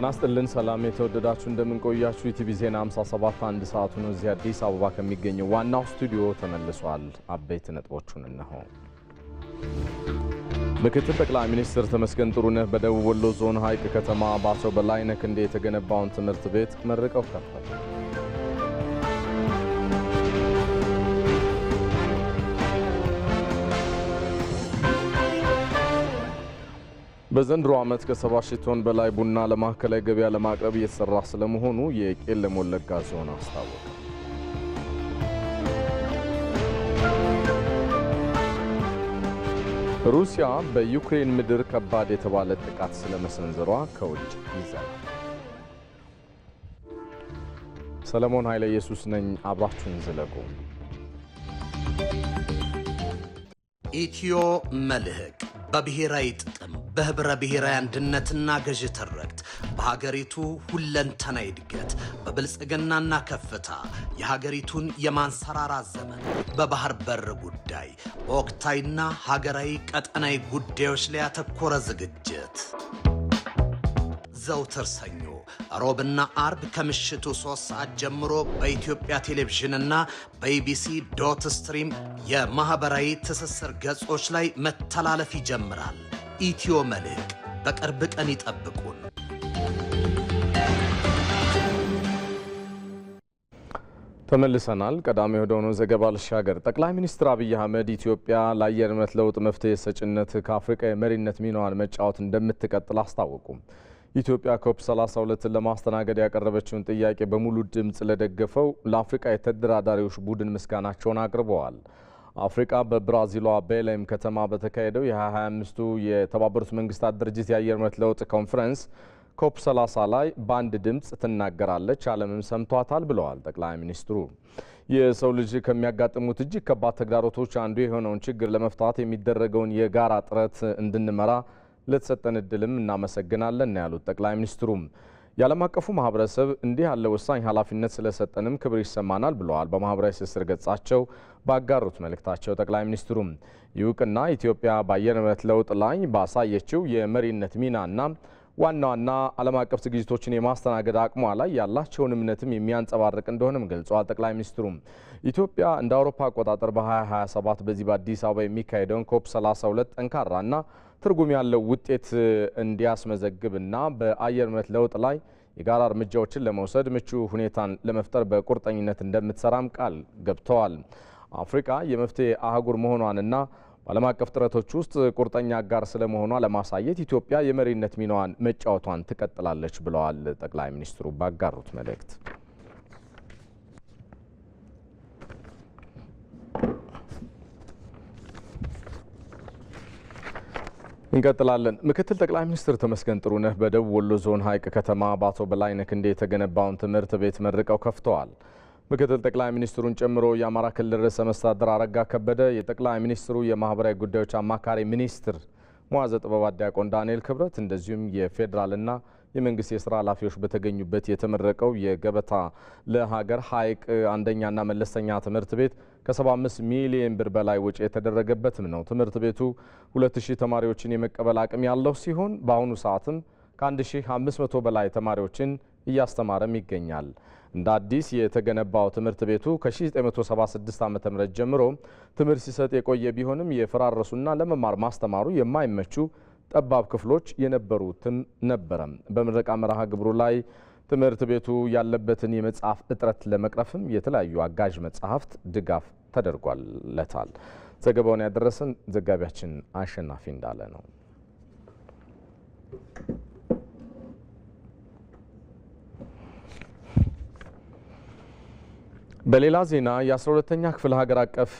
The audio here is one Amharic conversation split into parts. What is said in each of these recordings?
ጤና ይስጥልን ሰላም የተወደዳችሁ እንደምንቆያችሁ ኢቲቪ ዜና 57 አንድ ነው። እዚህ አዲስ አበባ ከሚገኘው ዋናው ስቱዲዮ ተመልሷል። አበይት ነጥቦቹን እነሆ። ምክትል ጠቅላይ ሚኒስትር ተመስገን ጥሩነህ በደቡብ ወሎ ዞን ሐይቅ ከተማ በአቶ በላይነህ ክንዴ የተገነባውን ትምህርት ቤት መርቀው ከፈቱ። በዘንድሮ ዓመት ከ70 ሺህ ቶን በላይ ቡና ለማዕከላዊ ገበያ ለማቅረብ እየተሰራ ስለመሆኑ የቄለም ወለጋ ዞን አስታወቀ። ሩሲያ በዩክሬን ምድር ከባድ የተባለ ጥቃት ስለመሰንዘሯ ከውጭ ይዘናል። ሰለሞን ኃይለ ኢየሱስ ነኝ። አብራችሁን ዝለቁ። ኢትዮ መልህቅ በብሔራዊ ጥቅም በህብረ ብሔራዊ አንድነትና ገዥ ትርክት በሀገሪቱ ሁለንተና እድገት በብልጽግናና ከፍታ የሀገሪቱን የማንሰራራት ዘመን በባህር በር ጉዳይ በወቅታዊና ሀገራዊ ቀጠናዊ ጉዳዮች ላይ ያተኮረ ዝግጅት ዘውትር ሰኞ ሮብና አርብ ከምሽቱ ሶስት ሰዓት ጀምሮ በኢትዮጵያ ቴሌቪዥንና በኢቢሲ ዶት ስትሪም የማኅበራዊ ትስስር ገጾች ላይ መተላለፍ ይጀምራል። ኢትዮ መልሕቅ በቅርብ ቀን ይጠብቁን። ተመልሰናል። ቀዳሚ ወደሆነ ዘገባ ልሻገር። ጠቅላይ ሚኒስትር አብይ አህመድ ኢትዮጵያ ለአየር ንብረት ለውጥ መፍትሄ ሰጭነት ከአፍሪቃ የመሪነት ሚናዋን መጫወት እንደምትቀጥል አስታወቁም። ኢትዮጵያ ኮፕ 32ን ለማስተናገድ ያቀረበችውን ጥያቄ በሙሉ ድምፅ ለደገፈው ለአፍሪቃ የተደራዳሪዎች ቡድን ምስጋናቸውን አቅርበዋል። አፍሪካ በብራዚሏ ቤሌም ከተማ በተካሄደው የ25ቱ የተባበሩት መንግስታት ድርጅት የአየር ንብረት ለውጥ ኮንፈረንስ ኮፕ 30 ላይ በአንድ ድምፅ ትናገራለች፣ ዓለምም ሰምቷታል ብለዋል ጠቅላይ ሚኒስትሩ። የሰው ልጅ ከሚያጋጥሙት እጅግ ከባድ ተግዳሮቶች አንዱ የሆነውን ችግር ለመፍታት የሚደረገውን የጋራ ጥረት እንድንመራ ለተሰጠን እድልም እናመሰግናለን ያሉት ጠቅላይ ሚኒስትሩም የዓለም አቀፉ ማህበረሰብ እንዲህ ያለ ወሳኝ ኃላፊነት ስለሰጠንም ክብር ይሰማናል ብለዋል። በማህበራዊ ትስስር ገጻቸው ባጋሩት መልእክታቸው ጠቅላይ ሚኒስትሩም ይውቅና ኢትዮጵያ በአየር ንብረት ለውጥ ላይ ባሳየችው የመሪነት ሚናና ዋና ዋና ዓለም አቀፍ ዝግጅቶችን የማስተናገድ አቅሟ ላይ ያላቸውን እምነትም የሚያንጸባርቅ እንደሆነም ገልጿል። ጠቅላይ ሚኒስትሩም ኢትዮጵያ እንደ አውሮፓ አቆጣጠር በ2027 በዚህ በአዲስ አበባ የሚካሄደውን ኮፕ 32 ጠንካራና ትርጉም ያለው ውጤት እንዲያስመዘግብና በአየር ንብረት ለውጥ ላይ የጋራ እርምጃዎችን ለመውሰድ ምቹ ሁኔታን ለመፍጠር በቁርጠኝነት እንደምትሰራም ቃል ገብተዋል። አፍሪካ የመፍትሄ አህጉር መሆኗንና በዓለም አቀፍ ጥረቶች ውስጥ ቁርጠኛ አጋር ስለመሆኗ ለማሳየት ኢትዮጵያ የመሪነት ሚናዋን መጫወቷን ትቀጥላለች ብለዋል ጠቅላይ ሚኒስትሩ ባጋሩት መልእክት። እንቀጥላለን። ምክትል ጠቅላይ ሚኒስትር ተመስገን ጥሩነህ በደቡብ ወሎ ዞን ሀይቅ ከተማ በአቶ በላይነህ ክንዴ የተገነባውን ትምህርት ቤት መርቀው ከፍተዋል። ምክትል ጠቅላይ ሚኒስትሩን ጨምሮ የአማራ ክልል ርዕሰ መስተዳድር አረጋ ከበደ፣ የጠቅላይ ሚኒስትሩ የማህበራዊ ጉዳዮች አማካሪ ሚኒስትር መዋዘ ጥበባት ዲያቆን ዳንኤል ክብረት እንደዚሁም የፌዴራልና የመንግስት የስራ ኃላፊዎች በተገኙበት የተመረቀው የገበታ ለሀገር ሀይቅ አንደኛና መለስተኛ ትምህርት ቤት ከ75 ሚሊዮን ብር በላይ ወጪ የተደረገበትም ነው። ትምህርት ቤቱ 2000 ተማሪዎችን የመቀበል አቅም ያለው ሲሆን በአሁኑ ሰዓትም ከ1500 በላይ ተማሪዎችን እያስተማረም ይገኛል። እንደ አዲስ የተገነባው ትምህርት ቤቱ ከ1976 ዓ ም ጀምሮ ትምህርት ሲሰጥ የቆየ ቢሆንም የፈራረሱና ለመማር ማስተማሩ የማይመቹ ጠባብ ክፍሎች የነበሩትም ነበረ። በምረቃ መርሃ ግብሩ ላይ ትምህርት ቤቱ ያለበትን የመጽሐፍ እጥረት ለመቅረፍም የተለያዩ አጋዥ መጽሐፍት ድጋፍ ተደርጓለታል። ዘገባውን ያደረሰን ዘጋቢያችን አሸናፊ እንዳለ ነው። በሌላ ዜና የ12ተኛ ክፍል ሀገር አቀፍ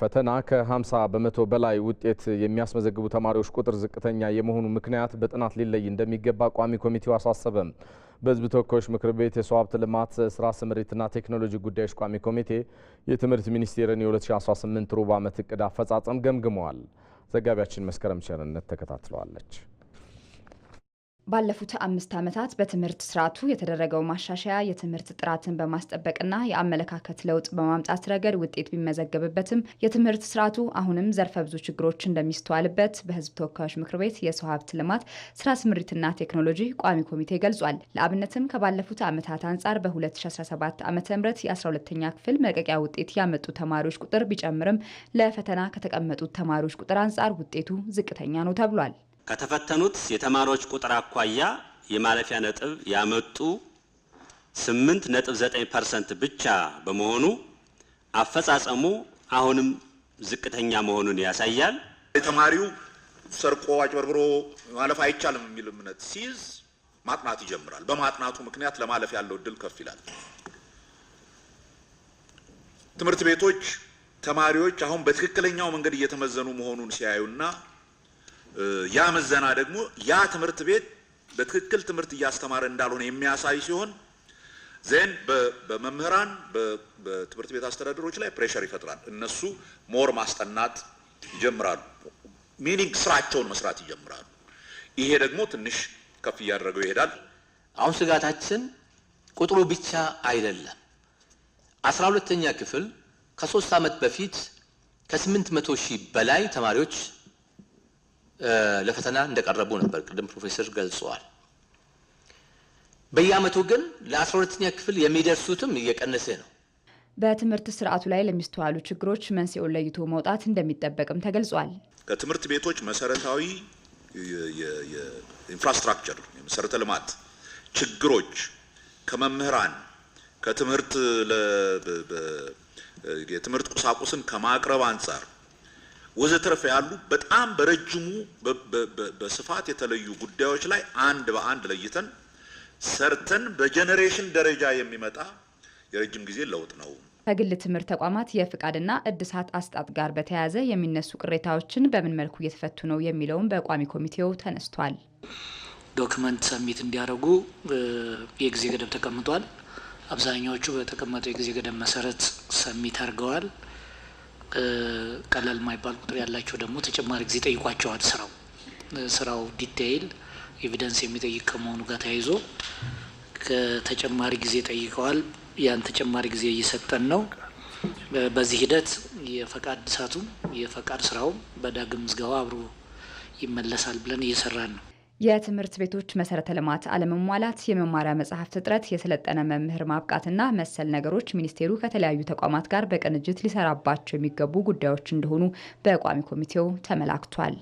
ፈተና ከ50 በመቶ በላይ ውጤት የሚያስመዘግቡ ተማሪዎች ቁጥር ዝቅተኛ የመሆኑ ምክንያት በጥናት ሊለይ እንደሚገባ ቋሚ ኮሚቴው አሳሰበ። በሕዝብ ተወካዮች ምክር ቤት የሰው ሀብት ልማት ስራ ስምሪትና ቴክኖሎጂ ጉዳዮች ቋሚ ኮሚቴ የትምህርት ሚኒስቴርን የ2018 ሩብ ዓመት እቅድ አፈጻጸም ገምግመዋል። ዘጋቢያችን መስከረም ቸርነት ተከታትለዋለች። ባለፉት አምስት ዓመታት በትምህርት ስርዓቱ የተደረገው ማሻሻያ የትምህርት ጥራትን በማስጠበቅና የአመለካከት ለውጥ በማምጣት ረገድ ውጤት ቢመዘገብበትም የትምህርት ስርዓቱ አሁንም ዘርፈ ብዙ ችግሮች እንደሚስተዋልበት በሕዝብ ተወካዮች ምክር ቤት የሰው ሀብት ልማት ስራ ስምሪትና ቴክኖሎጂ ቋሚ ኮሚቴ ገልጿል። ለአብነትም ከባለፉት ዓመታት አንጻር በ2017 ዓ ም የ 12 ኛ ክፍል መልቀቂያ ውጤት ያመጡ ተማሪዎች ቁጥር ቢጨምርም ለፈተና ከተቀመጡት ተማሪዎች ቁጥር አንጻር ውጤቱ ዝቅተኛ ነው ተብሏል። ከተፈተኑት የተማሪዎች ቁጥር አኳያ የማለፊያ ነጥብ ያመጡ 8.9% ብቻ በመሆኑ አፈጻጸሙ አሁንም ዝቅተኛ መሆኑን ያሳያል። የተማሪው ሰርቆ አጭበርብሮ ማለፍ አይቻልም የሚል እምነት ሲይዝ ማጥናት ይጀምራል። በማጥናቱ ምክንያት ለማለፍ ያለው እድል ከፍ ይላል። ትምህርት ቤቶች ተማሪዎች አሁን በትክክለኛው መንገድ እየተመዘኑ መሆኑን ሲያዩና ያ ምዘና ደግሞ ያ ትምህርት ቤት በትክክል ትምህርት እያስተማረ እንዳልሆነ የሚያሳይ ሲሆን ዜን በመምህራን በትምህርት ቤት አስተዳደሮች ላይ ፕሬሸር ይፈጥራል። እነሱ ሞር ማስጠናት ይጀምራሉ፣ ሚኒንግ ስራቸውን መስራት ይጀምራሉ። ይሄ ደግሞ ትንሽ ከፍ እያደረገው ይሄዳል። አሁን ስጋታችን ቁጥሩ ብቻ አይደለም። አስራ ሁለተኛ ክፍል ከሶስት ዓመት በፊት ከስምንት መቶ ሺህ በላይ ተማሪዎች ለፈተና እንደቀረቡ ነበር ቅድም ፕሮፌሰር ገልጸዋል። በየዓመቱ ግን ለአስራ ሁለተኛ ክፍል የሚደርሱትም እየቀነሰ ነው። በትምህርት ስርዓቱ ላይ ለሚስተዋሉ ችግሮች መንስኤውን ለይቶ መውጣት እንደሚጠበቅም ተገልጿል። ከትምህርት ቤቶች መሰረታዊ ኢንፍራስትራክቸር የመሰረተ ልማት ችግሮች ከመምህራን ከትምህርት የትምህርት ቁሳቁስን ከማቅረብ አንጻር ወዘተረፈ ያሉ በጣም በረጅሙ በስፋት የተለዩ ጉዳዮች ላይ አንድ በአንድ ለይተን ሰርተን በጀኔሬሽን ደረጃ የሚመጣ የረጅም ጊዜ ለውጥ ነው። ከግል ትምህርት ተቋማት የፍቃድና እድሳት አስጣጥ ጋር በተያያዘ የሚነሱ ቅሬታዎችን በምን መልኩ እየተፈቱ ነው የሚለውም በቋሚ ኮሚቴው ተነስቷል። ዶክመንት ሰሚት እንዲያደርጉ የጊዜ ገደብ ተቀምጧል። አብዛኛዎቹ በተቀመጠው የጊዜ ገደብ መሰረት ሰሚት አድርገዋል። ቀላል የማይባል ቁጥር ያላቸው ደግሞ ተጨማሪ ጊዜ ጠይቋቸዋል። ስራው ስራው ዲቴይል ኤቪደንስ የሚጠይቅ ከመሆኑ ጋር ተያይዞ ከተጨማሪ ጊዜ ጠይቀዋል። ያን ተጨማሪ ጊዜ እየሰጠን ነው። በዚህ ሂደት የፈቃድ እድሳቱም የፈቃድ ስራውም በዳግም ምዝገባ አብሮ ይመለሳል ብለን እየሰራን ነው። የትምህርት ቤቶች መሰረተ ልማት አለመሟላት፣ የመማሪያ መጽሐፍት እጥረት፣ የሰለጠነ መምህር ማብቃትና መሰል ነገሮች ሚኒስቴሩ ከተለያዩ ተቋማት ጋር በቅንጅት ሊሰራባቸው የሚገቡ ጉዳዮች እንደሆኑ በቋሚ ኮሚቴው ተመላክቷል።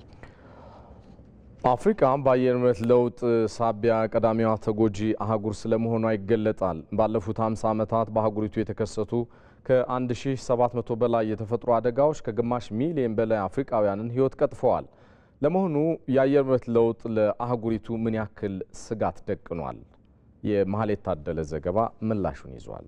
አፍሪካ በአየር ንብረት ለውጥ ሳቢያ ቀዳሚዋ ተጎጂ አህጉር ስለመሆኗ ይገለጣል። ባለፉት 50 ዓመታት በአህጉሪቱ የተከሰቱ ከ1700 በላይ የተፈጥሮ አደጋዎች ከግማሽ ሚሊዮን በላይ አፍሪካውያንን ሕይወት ቀጥፈዋል። ለመሆኑ የአየር ንብረት ለውጥ ለአህጉሪቱ ምን ያክል ስጋት ደቅኗል? የመሀል የታደለ ዘገባ ምላሹን ይዟል።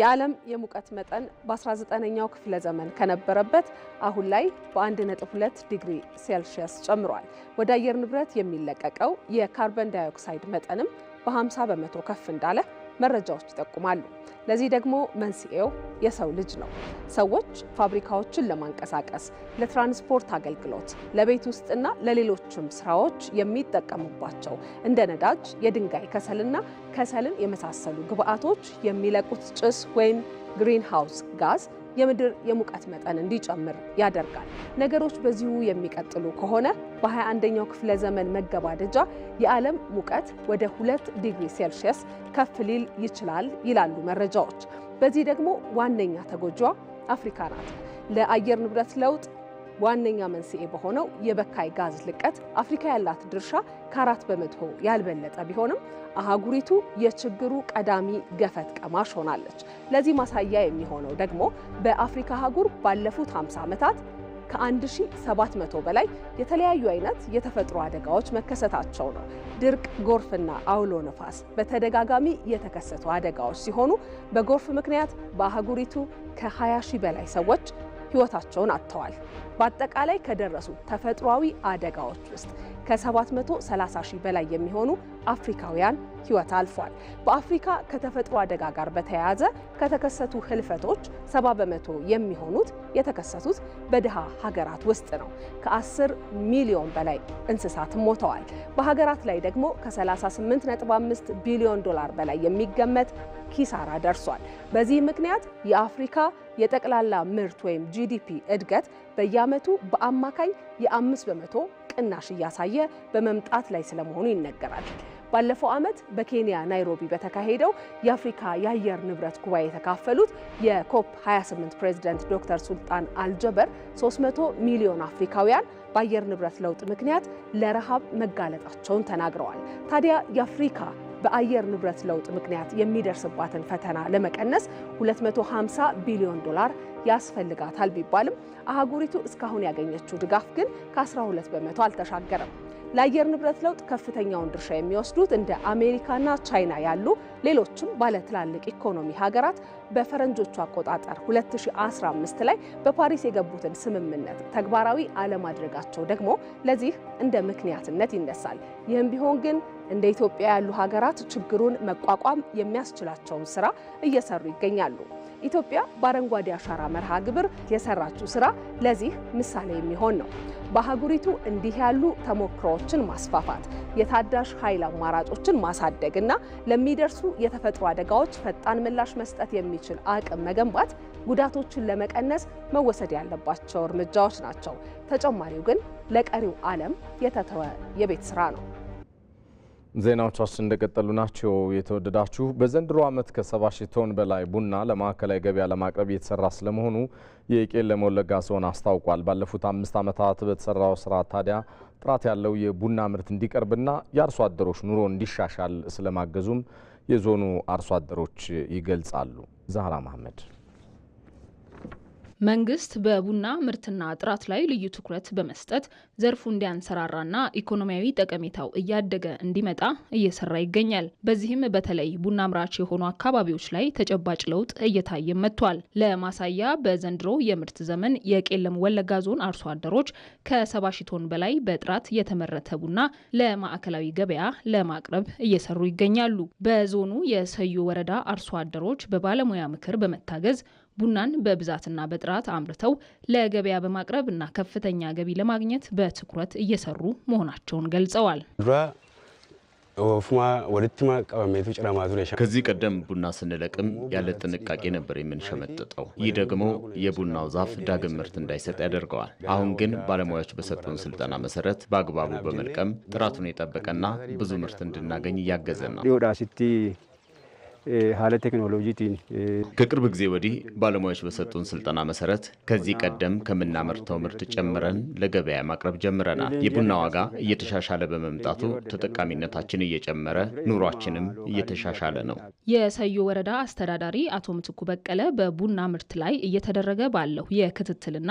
የዓለም የሙቀት መጠን በ19ኛው ክፍለ ዘመን ከነበረበት አሁን ላይ በ1.2 ዲግሪ ሴልሺየስ ጨምሯል። ወደ አየር ንብረት የሚለቀቀው የካርበን ዳይኦክሳይድ መጠንም በ50 በመቶ ከፍ እንዳለ መረጃዎች ይጠቁማሉ። ለዚህ ደግሞ መንስኤው የሰው ልጅ ነው። ሰዎች ፋብሪካዎችን ለማንቀሳቀስ፣ ለትራንስፖርት አገልግሎት፣ ለቤት ውስጥና ለሌሎችም ስራዎች የሚጠቀሙባቸው እንደ ነዳጅ፣ የድንጋይ ከሰልና ከሰልን የመሳሰሉ ግብአቶች የሚለቁት ጭስ ወይም ግሪንሃውስ ጋዝ የምድር የሙቀት መጠን እንዲጨምር ያደርጋል። ነገሮች በዚሁ የሚቀጥሉ ከሆነ በ21ኛው ክፍለ ዘመን መገባደጃ የዓለም ሙቀት ወደ 2 ዲግሪ ሴልሺየስ ከፍ ሊል ይችላል ይላሉ መረጃዎች። በዚህ ደግሞ ዋነኛ ተጎጂዋ አፍሪካ ናት። ለአየር ንብረት ለውጥ ዋነኛ መንስኤ በሆነው የበካይ ጋዝ ልቀት አፍሪካ ያላት ድርሻ ከአራት በመቶ ያልበለጠ ቢሆንም አህጉሪቱ የችግሩ ቀዳሚ ገፈት ቀማሽ ሆናለች። ለዚህ ማሳያ የሚሆነው ደግሞ በአፍሪካ አህጉር ባለፉት 50 ዓመታት ከ1700 በላይ የተለያዩ አይነት የተፈጥሮ አደጋዎች መከሰታቸው ነው። ድርቅ፣ ጎርፍና አውሎ ነፋስ በተደጋጋሚ የተከሰቱ አደጋዎች ሲሆኑ በጎርፍ ምክንያት በአህጉሪቱ ከ20 ሺህ በላይ ሰዎች ህይወታቸውን አጥተዋል። በአጠቃላይ ከደረሱ ተፈጥሯዊ አደጋዎች ውስጥ ከ730 ሺህ በላይ የሚሆኑ አፍሪካውያን ህይወት አልፏል። በአፍሪካ ከተፈጥሮ አደጋ ጋር በተያያዘ ከተከሰቱ ህልፈቶች 70 በመቶ የሚሆኑት የተከሰቱት በድሃ ሀገራት ውስጥ ነው። ከ10 ሚሊዮን በላይ እንስሳት ሞተዋል። በሀገራት ላይ ደግሞ ከ38.5 ቢሊዮን ዶላር በላይ የሚገመት ኪሳራ ደርሷል። በዚህ ምክንያት የአፍሪካ የጠቅላላ ምርት ወይም ጂዲፒ እድገት በየዓመቱ በአማካኝ የ5 በመቶ ቅናሽ እያሳየ በመምጣት ላይ ስለመሆኑ ይነገራል። ባለፈው ዓመት በኬንያ ናይሮቢ በተካሄደው የአፍሪካ የአየር ንብረት ጉባኤ የተካፈሉት የኮፕ 28 ፕሬዚደንት ዶክተር ሱልጣን አልጀበር 300 ሚሊዮን አፍሪካውያን በአየር ንብረት ለውጥ ምክንያት ለረሃብ መጋለጣቸውን ተናግረዋል። ታዲያ የአፍሪካ በአየር ንብረት ለውጥ ምክንያት የሚደርስባትን ፈተና ለመቀነስ 250 ቢሊዮን ዶላር ያስፈልጋታል ቢባልም አህጉሪቱ እስካሁን ያገኘችው ድጋፍ ግን ከ12 በመቶ አልተሻገረም። ለአየር ንብረት ለውጥ ከፍተኛውን ድርሻ የሚወስዱት እንደ አሜሪካና ቻይና ያሉ ሌሎችም ባለትላልቅ ኢኮኖሚ ሀገራት በፈረንጆቹ አቆጣጠር 2015 ላይ በፓሪስ የገቡትን ስምምነት ተግባራዊ አለማድረጋቸው ደግሞ ለዚህ እንደ ምክንያትነት ይነሳል። ይህም ቢሆን ግን እንደ ኢትዮጵያ ያሉ ሀገራት ችግሩን መቋቋም የሚያስችላቸውን ስራ እየሰሩ ይገኛሉ። ኢትዮጵያ በአረንጓዴ አሻራ መርሃ ግብር የሰራችው ስራ ለዚህ ምሳሌ የሚሆን ነው። በአህጉሪቱ እንዲህ ያሉ ተሞክሮዎችን ማስፋፋት፣ የታዳሽ ኃይል አማራጮችን ማሳደግ እና ለሚደርሱ የተፈጥሮ አደጋዎች ፈጣን ምላሽ መስጠት የሚችል አቅም መገንባት ጉዳቶችን ለመቀነስ መወሰድ ያለባቸው እርምጃዎች ናቸው። ተጨማሪው ግን ለቀሪው ዓለም የተተወ የቤት ስራ ነው። ዜናዎቻችን እንደቀጠሉ ናቸው። የተወደዳችሁ በዘንድሮ ዓመት ከ70 ቶን በላይ ቡና ለማዕከላዊ ገበያ ለማቅረብ እየተሰራ ስለመሆኑ የቄለም ወለጋ ዞን አስታውቋል። ባለፉት አምስት ዓመታት በተሰራው ስራ ታዲያ ጥራት ያለው የቡና ምርት እንዲቀርብና የአርሶ አደሮች ኑሮ እንዲሻሻል ስለማገዙም የዞኑ አርሶ አደሮች ይገልጻሉ። ዛህራ መሐመድ መንግስት በቡና ምርትና ጥራት ላይ ልዩ ትኩረት በመስጠት ዘርፉ እንዲያንሰራራና ኢኮኖሚያዊ ጠቀሜታው እያደገ እንዲመጣ እየሰራ ይገኛል። በዚህም በተለይ ቡና አምራች የሆኑ አካባቢዎች ላይ ተጨባጭ ለውጥ እየታየ መጥቷል። ለማሳያ በዘንድሮ የምርት ዘመን የቄለም ወለጋ ዞን አርሶ አደሮች ከሰባ ሺህ ቶን በላይ በጥራት የተመረተ ቡና ለማዕከላዊ ገበያ ለማቅረብ እየሰሩ ይገኛሉ። በዞኑ የሰዩ ወረዳ አርሶ አደሮች በባለሙያ ምክር በመታገዝ ቡናን በብዛትና በጥራት አምርተው ለገበያ በማቅረብ እና ከፍተኛ ገቢ ለማግኘት በትኩረት እየሰሩ መሆናቸውን ገልጸዋል። ከዚህ ቀደም ቡና ስንለቅም ያለ ጥንቃቄ ነበር የምንሸመጥጠው። ይህ ደግሞ የቡናው ዛፍ ዳግም ምርት እንዳይሰጥ ያደርገዋል። አሁን ግን ባለሙያዎች በሰጡን ስልጠና መሰረት በአግባቡ በመልቀም ጥራቱን የጠበቀና ብዙ ምርት እንድናገኝ እያገዘ ነው። ሀለ ቴክኖሎጂቲን ከቅርብ ጊዜ ወዲህ ባለሙያዎች በሰጡን ስልጠና መሰረት ከዚህ ቀደም ከምናመርተው ምርት ጨምረን ለገበያ ማቅረብ ጀምረናል። የቡና ዋጋ እየተሻሻለ በመምጣቱ ተጠቃሚነታችን እየጨመረ ኑሯችንም እየተሻሻለ ነው። የሰዮ ወረዳ አስተዳዳሪ አቶ ምትኩ በቀለ በቡና ምርት ላይ እየተደረገ ባለው የክትትልና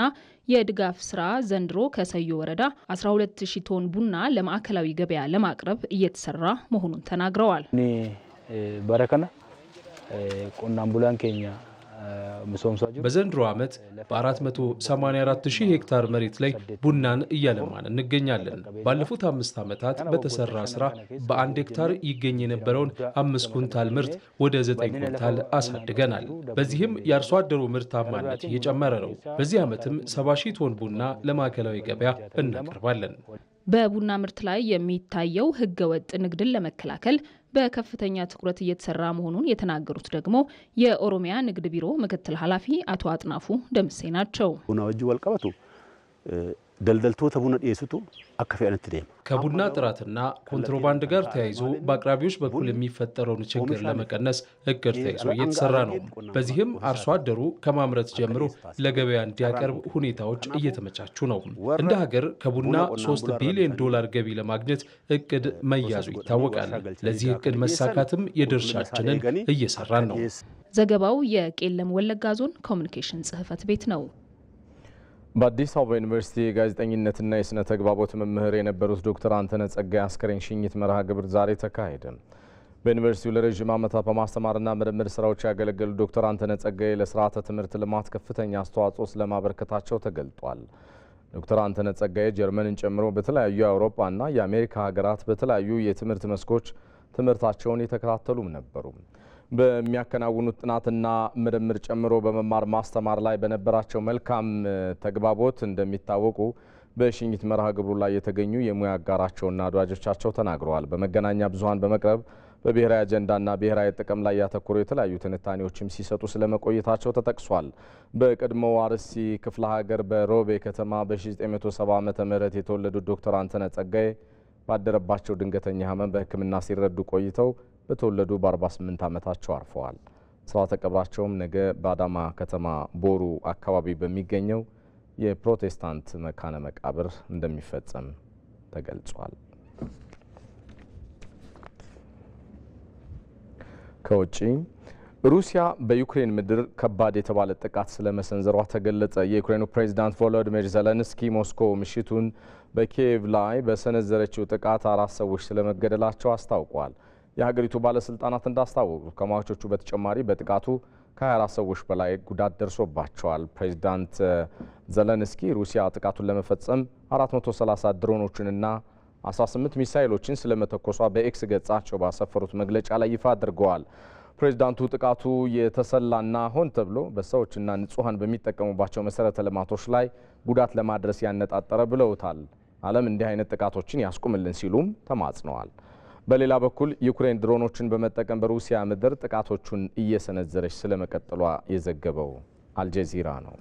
የድጋፍ ስራ ዘንድሮ ከሰዮ ወረዳ 120 ቶን ቡና ለማዕከላዊ ገበያ ለማቅረብ እየተሰራ መሆኑን ተናግረዋል። በረከና በዘንድሮ ዓመት በ484 ሺህ ሄክታር መሬት ላይ ቡናን እያለማን እንገኛለን። ባለፉት አምስት ዓመታት በተሰራ ስራ በአንድ ሄክታር ይገኝ የነበረውን አምስት ኩንታል ምርት ወደ ዘጠኝ ኩንታል አሳድገናል። በዚህም የአርሶ አደሩ ምርታማነት እየጨመረ ነው። በዚህ ዓመትም 70 ሺህ ቶን ቡና ለማዕከላዊ ገበያ እናቀርባለን። በቡና ምርት ላይ የሚታየው ህገወጥ ንግድን ለመከላከል በከፍተኛ ትኩረት እየተሰራ መሆኑን የተናገሩት ደግሞ የኦሮሚያ ንግድ ቢሮ ምክትል ኃላፊ አቶ አጥናፉ ደምሴ ናቸው። ደልደልቶተ ቡና ዲኤሱቱ አካ ከቡና ጥራትና ኮንትሮባንድ ጋር ተያይዞ በአቅራቢዎች በኩል የሚፈጠረውን ችግር ለመቀነስ እቅድ ተይዞ እየተሰራ ነው። በዚህም አርሶ አደሩ ከማምረት ጀምሮ ለገበያ እንዲያቀርብ ሁኔታዎች እየተመቻቹ ነው። እንደ ሀገር ከቡና 3 ቢሊዮን ዶላር ገቢ ለማግኘት እቅድ መያዙ ይታወቃል። ለዚህ እቅድ መሳካትም የድርሻችንን እየሰራን ነው። ዘገባው የቄለም ወለጋ ዞን ኮሚኒኬሽን ጽህፈት ቤት ነው። በአዲስ አበባ ዩኒቨርሲቲ የጋዜጠኝነትና የሥነ ተግባቦት መምህር የነበሩት ዶክተር አንተነ ጸጋይ አስከሬን ሽኝት መርሃ ግብር ዛሬ ተካሄደ። በዩኒቨርሲቲው ለረዥም ዓመታት በማስተማርና ምርምር ስራዎች ያገለገሉ ዶክተር አንተነ ጸጋይ ለስርዓተ ትምህርት ልማት ከፍተኛ አስተዋጽኦ ስለማበረከታቸው ተገልጧል። ዶክተር አንተነ ጸጋይ ጀርመንን ጨምሮ በተለያዩ የአውሮፓና የአሜሪካ ሀገራት በተለያዩ የትምህርት መስኮች ትምህርታቸውን የተከታተሉም ነበሩ። በሚያከናውኑት ጥናትና ምርምር ጨምሮ በመማር ማስተማር ላይ በነበራቸው መልካም ተግባቦት እንደሚታወቁ በሽኝት መርሃ ግብሩ ላይ የተገኙ የሙያ አጋራቸውና ወዳጆቻቸው ተናግረዋል። በመገናኛ ብዙኃን በመቅረብ በብሔራዊ አጀንዳና ብሔራዊ ጥቅም ላይ ያተኮሩ የተለያዩ ትንታኔዎችም ሲሰጡ ስለመቆየታቸው ተጠቅሷል። በቀድሞው አርሲ ክፍለ ሀገር በሮቤ ከተማ በ1970 ዓ ም የተወለዱት ዶክተር አንተነህ ጸጋዬ ባደረባቸው ድንገተኛ ህመም በሕክምና ሲረዱ ቆይተው በተወለዱ በ48 ዓመታቸው አርፈዋል። ስርዓተ ቀብራቸውም ነገ በአዳማ ከተማ ቦሩ አካባቢ በሚገኘው የፕሮቴስታንት መካነ መቃብር እንደሚፈጸም ተገልጿል። ከውጪ ሩሲያ በዩክሬን ምድር ከባድ የተባለ ጥቃት ስለመሰንዘሯ ተገለጸ። የዩክሬኑ ፕሬዚዳንት ቮሎዲሚር ዘለንስኪ ሞስኮ ምሽቱን በኪየቭ ላይ በሰነዘረችው ጥቃት አራት ሰዎች ስለመገደላቸው አስታውቋል። የሀገሪቱ ባለስልጣናት እንዳስታወቁት ከሟቾቹ በተጨማሪ በጥቃቱ ከ24 ሰዎች በላይ ጉዳት ደርሶባቸዋል። ፕሬዚዳንት ዘለንስኪ ሩሲያ ጥቃቱን ለመፈጸም 430 ድሮኖችንና 18 ሚሳይሎችን ስለመተኮሷ በኤክስ ገጻቸው ባሰፈሩት መግለጫ ላይ ይፋ አድርገዋል። ፕሬዚዳንቱ ጥቃቱ የተሰላና ሆን ተብሎ በሰዎችና ንጹሐን በሚጠቀሙባቸው መሰረተ ልማቶች ላይ ጉዳት ለማድረስ ያነጣጠረ ብለውታል። ዓለም እንዲህ አይነት ጥቃቶችን ያስቁምልን ሲሉም ተማጽነዋል። በሌላ በኩል ዩክሬን ድሮኖችን በመጠቀም በሩሲያ ምድር ጥቃቶቹን እየሰነዘረች ስለመቀጠሏ የዘገበው አልጀዚራ ነው።